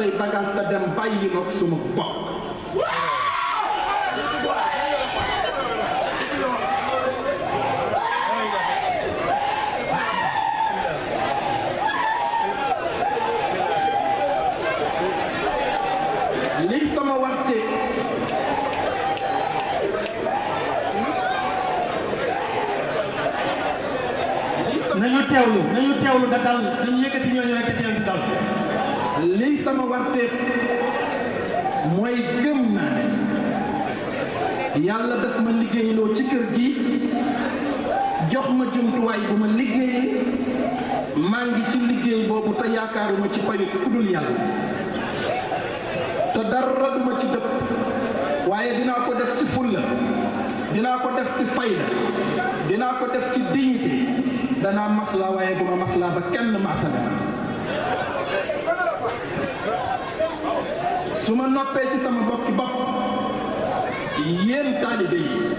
say bagage te dem bàyyi nag suma bopp nañu teewlu nañu teewlu da dal nañu yëkkati ñooñu rek dal lii sama warteef mooy gëm naa ne yàlla daf ma liggéeyloo ci kër gi jox ma jumtuwaay bu ma liggéeyee maa ngi ci liggéey boobu te yaakaaruma ci payu ku dul yàlla te dara duma ci dëpp waaye dinaa ko def ci fulla dinaa ko def ci fayda dinaa ko def ci dignité danaa maslaa waaye bu ma maslaa ba kenn maasala su ma ci sama bokki bopp yéen taalibe yi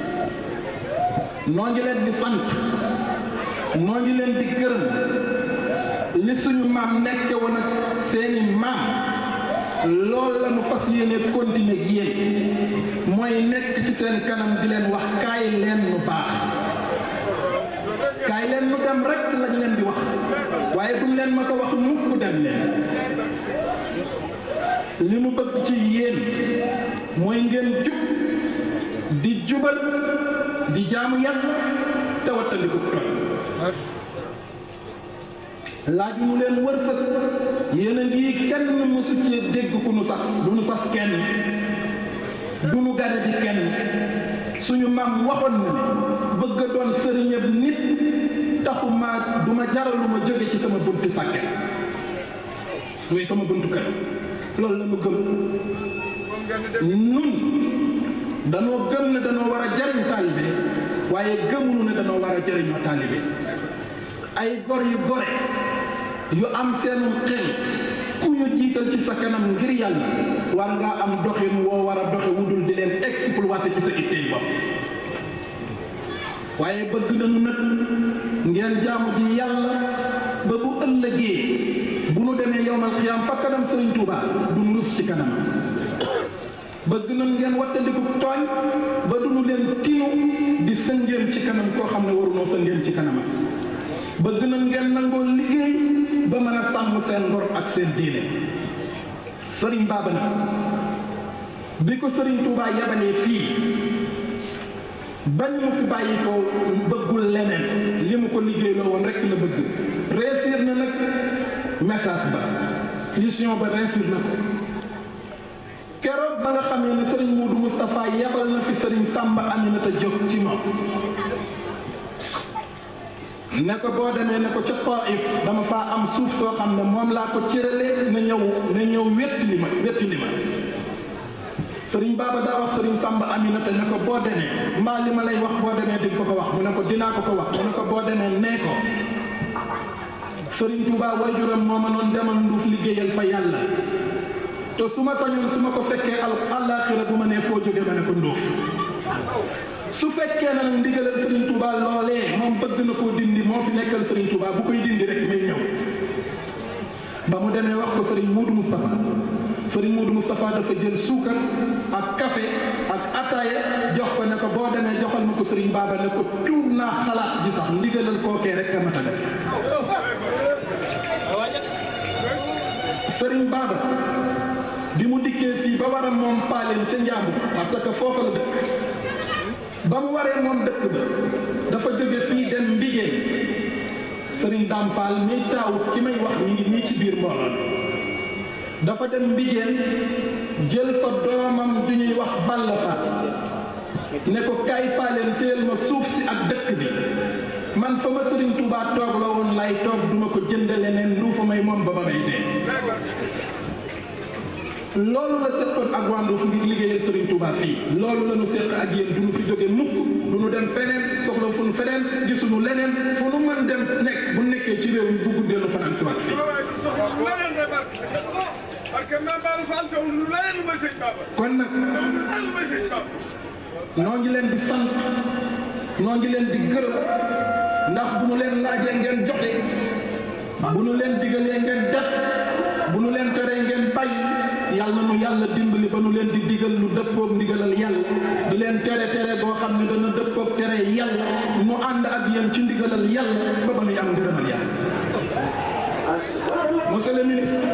noo di sant noo ngi leen di gërëm li suñu maam nekke woon ak seeni maam loolu la nu fas yéene continuer ak yéen mooy nekk ci seen kanam di leen wax kaay leen nu baax kaay leen nu dem rek lañ leen di wax waaye duñ leen mas a wax mukk dem leen li mu bëgg ci yéen mooy ngeen jub di jubal di jaamu yàlla te wattandiku tooñ laaj mu leen wërsëg yéen a ngi kenn mosu ci dégg ku nu sas du nu sas kenn du nu gane di kenn suñu maam waxoon na bëgg a doon sëriñëb nit taxu ma du ma jaralu ma jóge ci sama bunti sàkke muy sama buntu loolu la ñu gëm nun danoo gëm ne danoo war a jariñ taalibe waaye gëmunu na danoo war a jariñoo taalibe ay gor yu gore yu am seenum xel ku ñu jiital ci sa kanam ngir yàlla war ngaa am doxin woo war a doxe dul di leen exploité ci sa ittey bopp waaye bëgg nañu nag ngeen jaamu ji yàlla ba bu ëllëgee yowmal xiyaam fa kanam sëriñ Touba du rus ci kanam bëgg na ngeen wattandiku tooñ ba tinu di sëngéem ci kanam koo xam ne warunoo sëngéem ci kanam bëgg na ngeen nangoo liggéey ba mën a sàmm seen ngor ak na ko Touba yabalee bañ mu fi bàyyi ko bëggul leneen ko rek la bëgg réussir na message ba vision ba réussir na ko keroog ba nga xamee ne Serigne Moudou Moustapha yebal na fi Serigne Samba Aminata Diop ci ma ne ko boo demee ne ko ca Taif dama fa am suuf soo xam ne moom laa ko cëralee na ñëw na ñëw wetti li ma wetti li ma sëriñ Baba daa wax sëriñ Samba Aminata ne ko boo demee mbaa li ma lay wax boo demee di ko ko wax mu ne ko dinaa ko ko wax mu ne ko boo demee nee ko Sëriñ Tuubaa waajuram moo ma noon demal nduuf liggéeyal fa yàlla te su ma sañoon su ma ko fekkee al àllaaxira bu ma nee foo jóge ma ne ko nduuf su fekkee na nag ndigalal Sëriñ Tuubaa loolee moom bëgg na koo dindi moo fi nekkal Sëriñ Tuubaa bu koy dindi rek may ñëw ba mu demee wax ko Sëriñ Muudu Moustapha Sëriñ Muudu Moustapha dafa jël suukar ak café ak ataaya jox ko ne ko boo demee joxal ma ko Sëriñ Baaba ne ko tuub naa xalaat bi sax ndigalal kookee mat a def sering baaba bi mu dikkee fii ba war a moom paaleen ca njàmb parce que foofa la dëkk ba mu waree moom dëkk ba dafa jóge fi dem mbigéen sering daam faal mi taaw ki may wax mi ci dafa dem mbigéen jël fa doomam ju ñuy wax balla faal ne ko kaay paaleen téel ma suuf si ak dëkk bi man fa ma sëriñ tuubaa toog la woon lay toog duma ko lu moom ba ba may loolu la seqoon ak Wanduuf ngir liggéeyal Serigne Touba loolu la ñu seq ak yéen du ñu fi jóge mukk du ñu dem feneen soxla fu nu feneen gisuñu leneen fu nu mën dem nekk bu nekkee ci réew mi bu guddee lu fanaan si waat fii kon nag noo ngi leen di sant noo ngi leen di gërëm ndax bu mu leen laajee joxe bu nu leen digalee ngeen def bu nu leen teree ngeen bàyyi yàlla nu yàlla dimbali ba nu leen di digal lu dëppoog ndigalal yàlla di leen tere tere boo xam ne dana dëppoog tere yàlla nu ànd ak yéen ci ndigalal yàlla ba ba nuy am ngërëmal yàlla